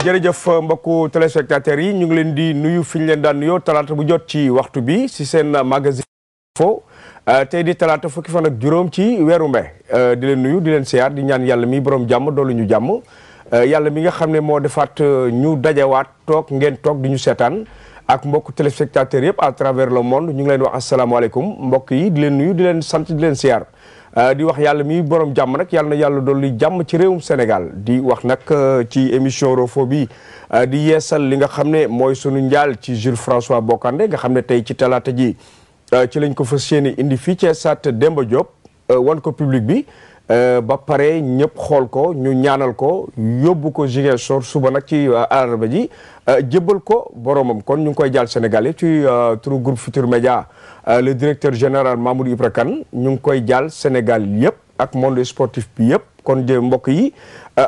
jërëjëf mbokku téléspectateurs yi ñu ngi leen di nuyu fi ñu leen daan nuyoo talaata bu jot ci waxtu bi si seen magasin fo euh, tey di talaata fukki fan ak juróom ci weeru mai euh, di leen nuyu di leen siyaar di ñaan yàlla mi borom jàmm doolu ñu jàmm euh, yàlla mi nga xam ne moo defaat ñu dajawaat toog ngeen toog di ñu seetaan ak mbokk téléspectateurs yëpp à travers le monde ñu ngi leen wax asalaamaaleykum mbokk yi di leen nuyu di leen sant di leen siyaar Euh, di wax yàlla mi borom jàmm nag yàlla na yàlla dolli jàmm ci réewum Sénégal di wax nag euh, ci émission Roffo bi euh, di yeesal li nga xam ne mooy sunu njaal ci Jules François Bocandé nga xam ne tey ci talaata ji ci lañ ko fas yéene indi fii ci stade Demba wan ko public bi. Euh, ba pare ñëpp xool ko ñu ñaanal ko yóbbu ko Ziguinchor suba nag ci euh, àllarba ji euh, jébbal ko boromam kon ñu ngi koy jaal Sénégal yi ci turu groupe Futur Média le directeur général Mamoudou Ibra Kane ñu ngi koy jaal Sénégal yëpp ak monde sportif bi yëpp kon jë mbokk yi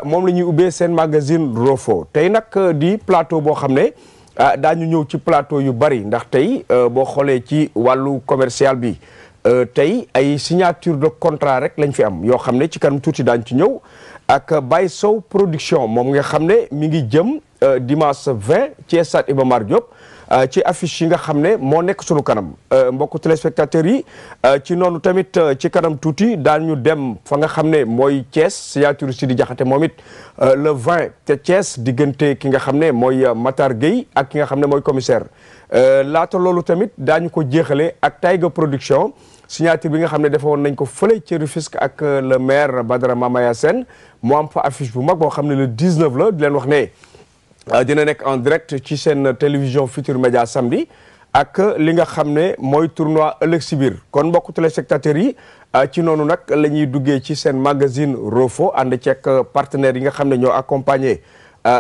moom la ñuy ubbee seen magazine Roffo tey nag di plateau boo xam ne daañu ñëw ci plateau yu bari ndax tey boo xoolee ci wàllu commercial bi Euh, tey ay signature de contrat rek lañ fi am yoo xam ne ci kanam tuuti daañ ci ñëw ak Baye Sow production moom nga xam ne mi ngi jëm euh, dimanche 20 ci stade Iba Mar Diop euh, ci affiche yi nga xam ne moo nekk sunu kanam mbokku téléspectateurs yi ci noonu tamit ci kanam tuuti daañu dem fa nga xam ne mooy Thiès signature di Diakhaté moom it le 20 te Thiès diggante ki nga xam ne mooy Matar Gueye ak ki nga xam ne mooy commissaire laata loolu tamit daañu ko jéexale ak Taïga production signature bi nga xam ne defoon nañ ko fële ci Rufisque ak euh, le maire Badara Mamaya Sène mu am fa affiche bu mag boo xam ne le 19 la di leen wax ne euh, dina nekk en direct ci seen télévision Futur Média samedi ak euh, li nga xam ne mooy tournoi ëllëg si kon mbokku téléspectateurs yi ci noonu nag la ñuy duggee ci seen magazine Rofo ànd ceek partenaires yi nga xam ne ñoo accompagné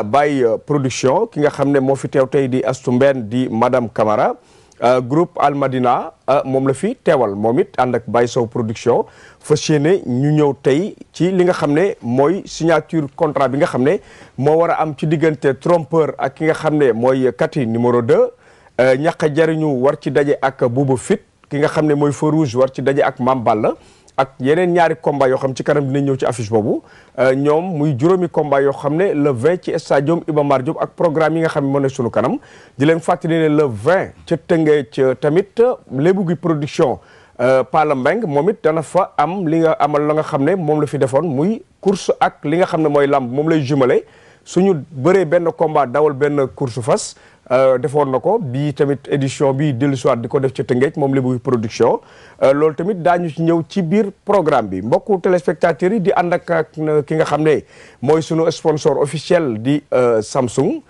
Baye Production ki nga xam ne moo fi teew tey di Astou di Madame kamara Euh, groupe Almadina euh, moom la fi teewal moom it ànd ak Baye Sow production fas yéene ñu ñëw tey ci li nga xam ne mooy signature contrat bi nga xam ne moo war a am ci diggante trompeur ak ki nga xam ne mooy kati numéro 2 euh, ñàq jariñu war ci daje ak Bouba Fit ki nga xam ne mooy feu war ci daje ak Mame Balla ak yeneen ñaari combat yoo xam ci kanam dinañ ñëw ci affice boobu euh, ñoom muy juróomi combat yoo xam ne le 20 ci stadium Iba Mar Diop ak programme yi nga xam ne moo sunu kanam di leen fàttali ne le 20 ca Tëngéej euh, tamit euh, lébu gi production Pala Mbeng moom it dana fa am li nga amal la nga xam ne moom la fi defoon muy course ak li nga xam ne mooy lamb moom lay jumelé. suñu bëree benn combat dawal benn course fas euh, defoon na ko bii tamit édition bi dellu siwaat di ko def ci Tëngéej moom Lebu production euh, loolu tamit daañu ci ñëw ci biir programme bi mbokku téléspectateurs yi di ànd ak ki nga xam ne mooy sunu sponsor officiel di euh, Samsung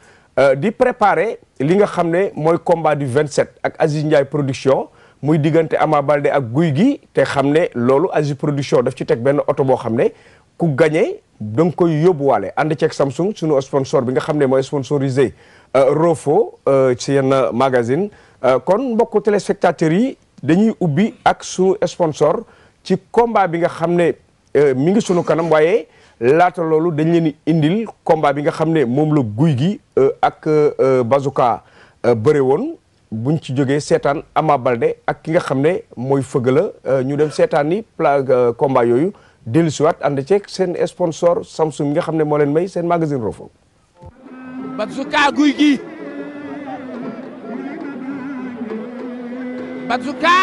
di préparer li nga xam ne mooy combat du 27 ak Aziz Ndiaye production muy diggante Ama Baldé ak Guy gi te xam ne loolu Aziz production daf ci teg benn oto boo xam ne ku gagné da nga koy yóbbuwaale ànd ceeg Samsung sunu sponsor bi nga xam ne mooy sponsorisé euh, Rofo euh, ci yenn magazine euh, kon mbokku téléspectateurs yi dañuy ubbi ak sunu sponsor ci combat bi nga xam ne mi ngi sunu kanam waaye laata loolu dañ leen di indil combat bi nga xam ne moom la guy gi ak bazooka bëre woon buñ ci jógee seetaan Ama ak ki nga xam ne mooy fëgg la ñu dem seetaan ni pla combat yooyu. dellu siwaat ànd ceeg seen sponsor Samsung nga xam ne mooleen may seen magasin Roffo Badou Ka guy gi Badou Ka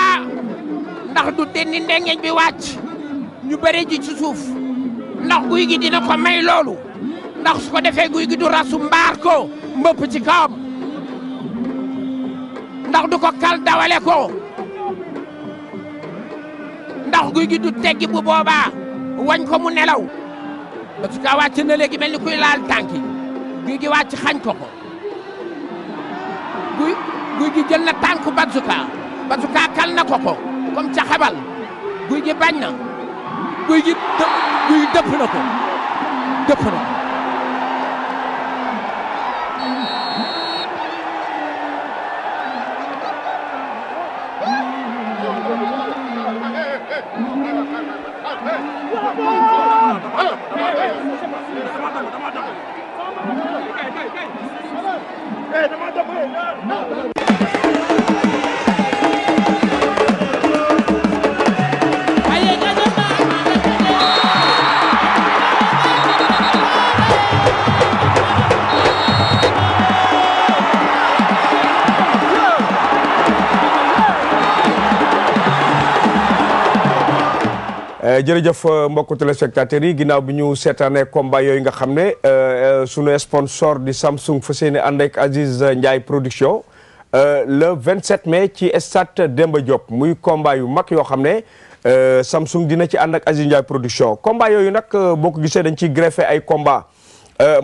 ndax du tenni ndengeñ bi wàcc ñu bëri ji ci suuf ndax guy gi dina ko may loolu ndax su ko defee guy gi du rasu mbaar ko mbëpp ci kawam ndax du ko kal dawale ko ndax guy gi du teggi bu boobaa wañ ko mu nelaw parce que wàcc na léegi mel ni kuy laal tànk yi guy gi xañ ko guy guy gi jël na tànku bazuka kal na ko ko comme ca xabal guy gi na guy gi guy dëpp na Hey, dama dama. Euh, jërëjëf euh, mbokku téléspectateurs yi ginnaaw bi ñu seetaanee combat yooyu nga xam ne euh, sunu sponsor di Samsung fa seeni ànd ak Aziz Ndiaye production le 27 mai ci stade Demba Diop muy combat yu mag yoo xam ne Samsung dina ci ànd ak Aziz Ndiaye production combat yooyu nag boo ko gisee dañ ciy greffé ay combat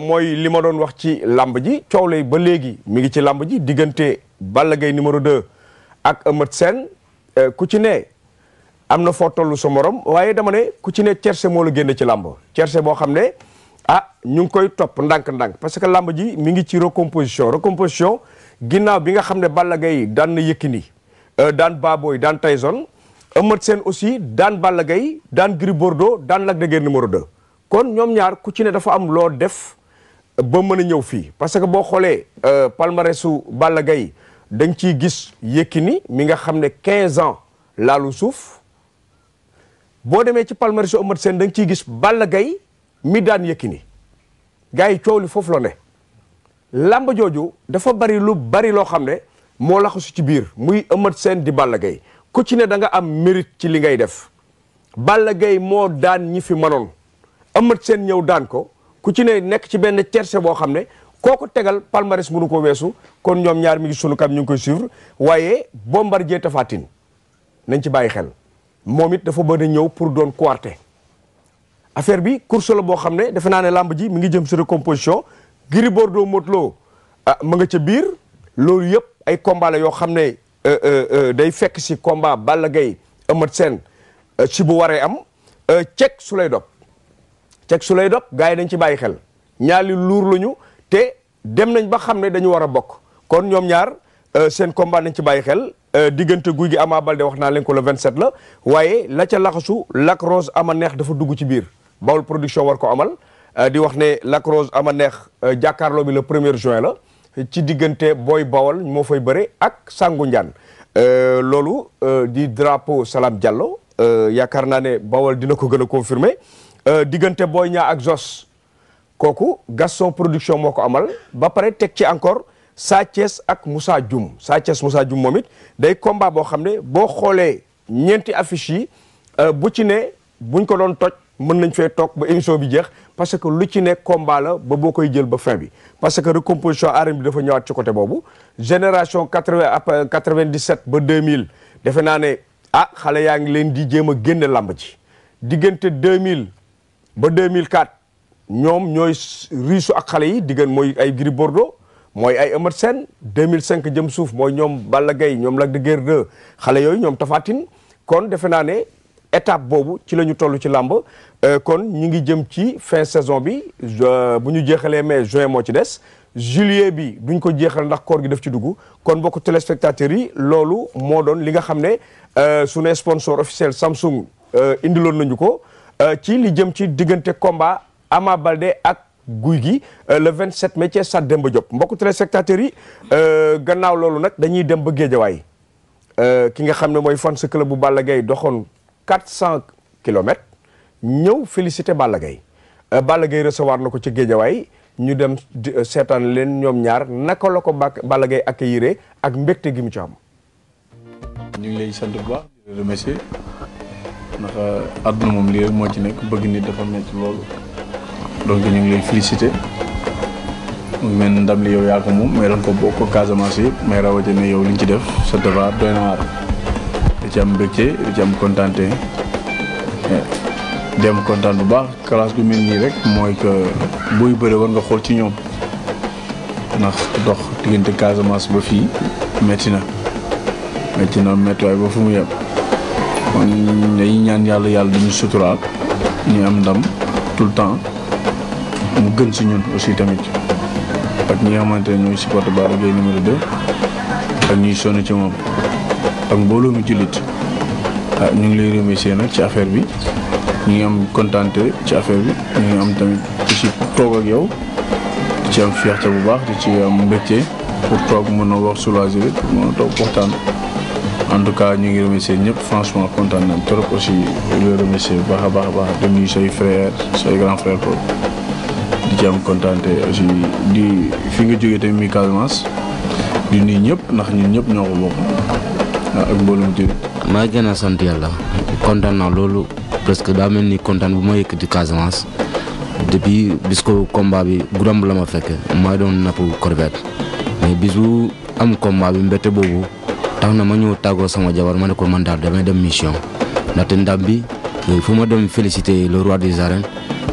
mooy li ma doon wax ci lamb ji coow lay ba léegi mi ngi ci lamb ji diggante Balla Gaye numéro 2 ak Eumeu sen ku ci ne. am na foo tollu sa morom waaye dama ne ku ci ne cerse moo la génn ci làmb cerse boo xam ne ah ñu ngi koy topp ndànk-ndànk parce que làmb ji mi ngi ci recomposition recomposition ginnaaw bi nga xam ne Balla gay daan na Yékini euh, daan Baboy daan Tyson Eumeu seen aussi daan Balla gay daan Gris Bordeaux daan Lac de Guiers numéro 2 kon ñoom ñaar ku ci ne dafa am loo def euh, ba mën a ñëw fii parce que boo xoolee euh, palmarèsu Balla Gaye da ci gis Yékini mi nga xam ne 15 ans laalu suuf boo demee ci palmarès u Eumeu Sène da nga ciy gis Balla gay mi daan Yékini gars yi coow li foofu la ne làmba jooju dafa bari lu bari loo xam ne moo laxasu ci biir muy Eumeu seen di Balla Gaye ku ci ne da nga am mérite ci li ngay def Balla Gaye moo daan ñi fi manoon Eumeu seen ñëw daan ko ku ci ne nekk ci benn tiercé boo xam ne koo tegal palmarès mënu ko weesu kon ñoom ñaar mi ngi sunu kam ñu ngi koy suivre waaye Bombardier Tapha Tine nañ ci bàyyi xel moom it dafa bëgg a ñëw pour doon quarté affaire bi course la boo xam ne defe naa ne làmb ji mu ngi jëm su recomposition Gris Bordeaux Modou Lô ah ma nga ca biir loolu yëpp ay combat la yoo xam ne euh, euh, euh, day fekk si combat ball Gaye Eumeu Sène si bu waree am cek su lay dog cek su lay dog yi dañ ci bàyyi xel ñaari luur lañu te dem nañ ba xam ne dañu war a bokk kon ñoom ñaar Euh, seen combat nañ ci bàyyi xel euh, diggante guy gi amaa Baldé wax naa leen ko vingt 27 la waaye la laxasu Lac Rose ama neex dafa dugg ci biir Baol production war ko amal euh, di wax ne Lac Rose ama neex jàkkaarloo bi le juin la ci diggante Boy Baol moo fay bëre ak Sangu Njaan loolu di drapeau Salam Diallo yaakaar naa ne Baol dina ko gën a confirmer diggante booy Niang ak Zos kooku Gaston production moo ko amal ba pare teg ci encore. Sa ak Moussa jum Sa Thiès Moussa Dioum moom it day combat boo xam ne boo xoolee ñeenti affiche yi euh, bu ci ne buñ ko doon toj mën nañ fee toog ba émission bi jeex parce que lu ci ne combat la ba boo koy jël ba fin bi parce que recomposition arène bi dafa ñëwaat ci côté boobu génération quatre-vingt euh, quatre-vingt-dix-sept ba deux mille defe naa ne ah xale yaa ngi leen di jéem a génne làmb ji diggante deux mille ba deux mille quatre ñoom ñooy riisu ak xale yi diggante mooy ay Gris Bordeaux mooy ay Eumeu Sène 2005 jëm suuf mooy ñoom Balla gay ñoom Lac de Guiers 2 xale yooyu ñoom Tapha kon defe naa ne étape boobu ci la ñu toll ci làmb euh, kon ñi ngi jëm ci fin saison bi bu ñu jeexalee mais juin moo ci des juillet bi duñ ko jeexal ndax koor gi def ci dugg kon mbokku téléspectateurs yi loolu moo doon li nga xam ne euh, sunu sponsor officiel Samsung euh, indiloon nañu ko ci li jëm ci diggante combat Ama Baldé ak. guy gi euh, le 27 mai ci stade Demba Diop mbokku téléspectateurs yi euh, gannaaw loolu nag dañuy dem ba géejawaay euh, ki nga xam ne mooy fans club bu Balla Gaye doxoon 400 kilomètres ñëw félicité Balla Gaye Balla Gaye recevoir na ko ci géejawaay ñu dem seetaan leen ñoom ñaar naka la ko Balla Gaye accueillir ak mbégte gi mu ci am. ñu ngi lay sant bu baax di remercier àdduna moom lii rek moo ci nekk bëgg nit dafa métti loolu. donc ñu ngi lay félicité mu mel ne ndam li yow yaa ko moom mais danga ko bokk Casamance yëpp mais rawatina yow li ñu ci def sa devoir doy na waar da ci am mbégte da ci am eh, dem kontaan bu baax kalaas bu mel nii rek mooy que buy bëri war nga xool ci ñoom ndax dox diggante Casamance ba fii métti na métti na méttiwaay ba fu mu yem kon dañuy ñaan yàlla yàlla dañu suturaal ñu am ndam tout le temps mu gën si ñun aussi tamit ak ñi nga xamante ne ñooy supporté Balla Gaye numéro 2 ak ñuy sonn ci moom ak mbooloo mi jullit ah, ñu ngi lay remercier nag ci affaire bi ñu ngi am contenté ci affaire bi ñu ngi am tamit aussi toog ak yow di ci am fierté bu baax di ci am mbégte pour toog mën a wax soulager mën a toog waxtaan en tout cas ñu ngi remercier ñëpp franchement kontaan nañ trop aussi le remercier bu baax a baax a baax di nuyu say frère say grand frère Paul. ci am kontaan te aussi di fi nga jógee tamit muy Casamance di nuyu ñëpp ndax ñun ñëpp ñoo ko bokk ah, ak mboolum jëriñ. maa gën a sant yàlla kontaan naa loolu parce que daa mel ni kontaan bu ma yëkkati Casamance depuis bis ko combat bi guram la ma fekk maa doon napp corvette mais bisu am combat bi mbette boobu tax na ma ñëw tàggoo sama jabar ma ne ko man daal damay dem mission ndaxte ndam bi euh, fu ma dem féliciter le roi des arènes.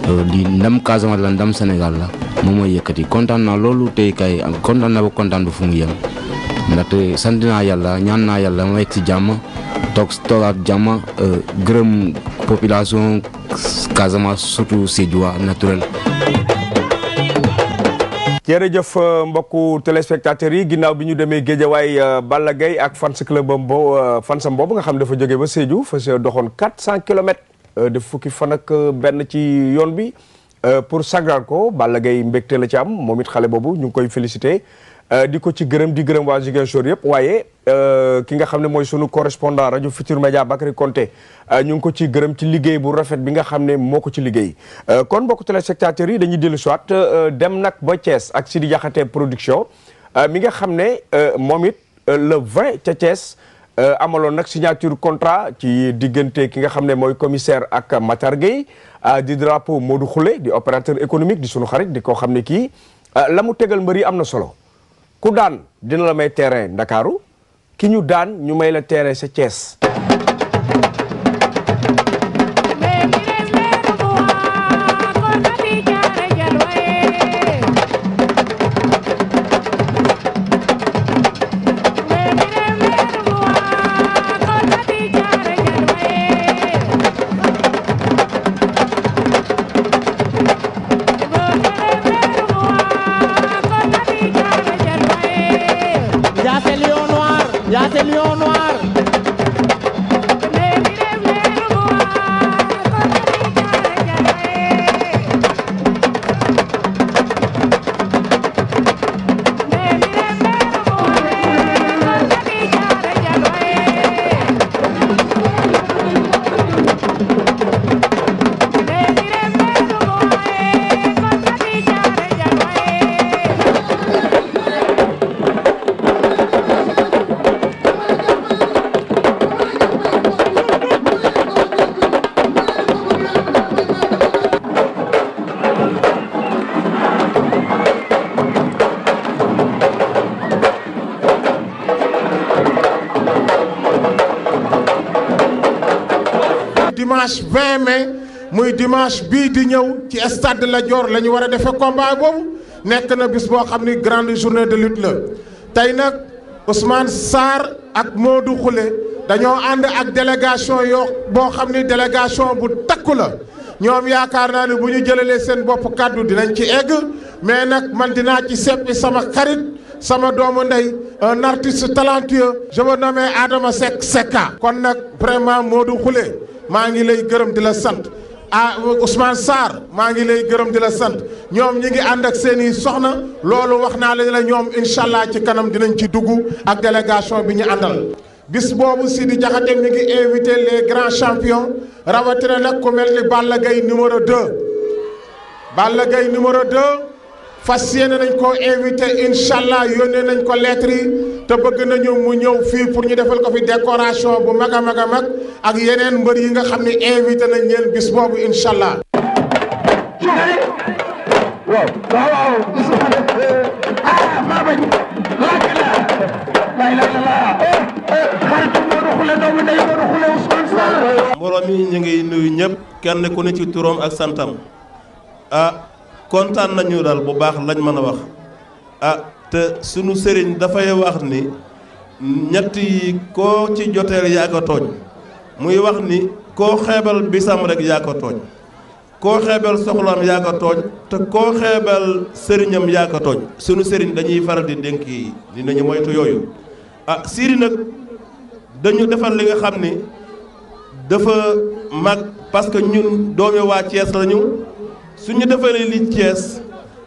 Euh, di ndam Casamance la ndam Sénégal la moom mooy yëkkati kontaan naa loolu tey kay kontaan na ba kontaan ba fu mu yem ndaxte sant naa yàlla ñaan naa yàlla ma yegg jàmm toog toogaat jàmm euh, gërëm population Casamance surtout Sédhiou waa naturel. jërëjëf euh, mbokku téléspectateurs yi ginnaaw bi ñu demee waaye Balla gay ak fans club am bo fansam boobu nga xam dafa jógee ba Sédhiou fa doxoon 400 kilomètres. Euh, def fukki fan ak euh, benn ci yoon bi euh, pour sagal ko Balla Gaye mbégte la ci am moom it xale boobu ñu ngi koy félicité di ko ci gërëm di gërëm waa Ziguinchor yëpp waaye ki nga xam ne mooy sunu correspondant rajo Futur média Bakary Konté ñu ngi ko ci gërëm ci liggéey bu rafet bi nga xam ne moo ko ci liggéey kon mbokk téléspectateurs yi dañuy dellu soit dem nag ba Thiès ak si di Diakhaté production mi nga xam ne moom it le 20 ca Thiès Euh, amaloon nag signature contrat ci diggante ki nga xam ne mooy commissaire ak Matar Gueye di drapeau Modou Khoule di opérateur économique di sunu xarit di ko xam ne kii euh, la mu tegal mbër am na solo ku daan dina la may terrain Ndakaaru ki ñu daan ñu may la terrain sa Thiès Y'a ces lions noirs, y'a ces lions noirs. dimanche 20 mai muy dimanche bii di ñëw ci stade la ñu war a defee combat boobu nekk na bis boo xam ni grande journée de lutte la tey nag Ousmane Sarr ak Modou Khoule dañoo ànd ak délégation yoo boo xam ni délégation bu takku la ñoom yaakaar naa ne bu ñu jëlalee seen bopp kàddu dinañ ci egg mais nag man dinaa ci seppi sama xarit sama doomu ndey un artiste talentueux je aadama nomme Adama kon nag vraiment Modou Khoule maa ngi lay gërëm di la sant ah Ousmane Sarr maa ngi lay gërëm di la sant ñoom ñi ngi ànd ak seen i soxna loolu wax naa la ñoom incha allah ci kanam dinañ ci dugg ak délégation bi ñu àndal. bis boobu Sidi Diakhaté mi ngi invité les grands champions rawatina nag ku mel ni Balla Gaye numéro 2. Balla gay numéro 2 fas yéene nañ ko invité incha allah yónnee nañ ko lettre yi. te bëgg nañu mu ñëw fii pour ñu defal ko fi décoration bu mag a mag a mag ak yeneen mbër yi nga xam ne invité nañ leen bis boobu incha allah. Ah, eh, eh, moroom ñu ngi nuyu ñëpp kenn ku ci turam ak santam ah kontaan nañu daal bu baax lañ mën a wax ah. te suñu sëriñ dafay wax ni ñett yi koo ci joteel yaa ko tooñ muy wax ni koo xeebal bisam rekk yaa ko tooñ koo xeebal soxlaam yaa ko tooñ te koo xeebal sëriñam yaa ko tooñ sunu sëriñ dañuy faral di dénk yi dinañu moytu yooyu a ah siiri nag dañu defal li nga xam ni dafa mag parce que ñun doomi waa Thiès lañu suñu defalee li Thiès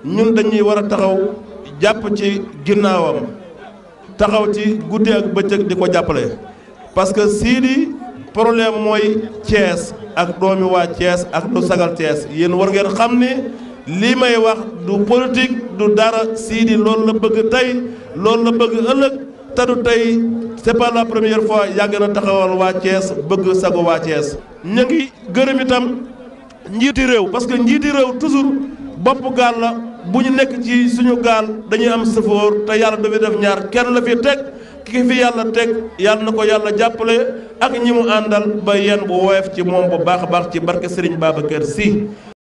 ñun dañuy war a taxaw jàpp ci ginnaawam taxaw ci guddi ak bëccëg di ko jàppale parce que Sidy problème mooy Thiès ak doomi waa Thiès ak du sagal Thiès yéen war ngeen xam ni lii may wax du politique du dara Sidy loolu la bëgg tey loolu la bëgg ëllëg te du tey c'est première fois yàgg na taxawal waa Thiès bëgg sago waa Thiès ñu ngi gërëm itam njiiti réew parce que njiiti réew toujours bopp gaal la bu ñu nekk ci suñu gaal dañuy am sëfoor te yàlla du fi def ñaar kenn la fi teg ki fi yàlla teg yàlla na ko yàlla jàppale ak ñi mu àndal ba yenn bu woyof ci moom bu baax a baax ci barke Serigne Babacar Sy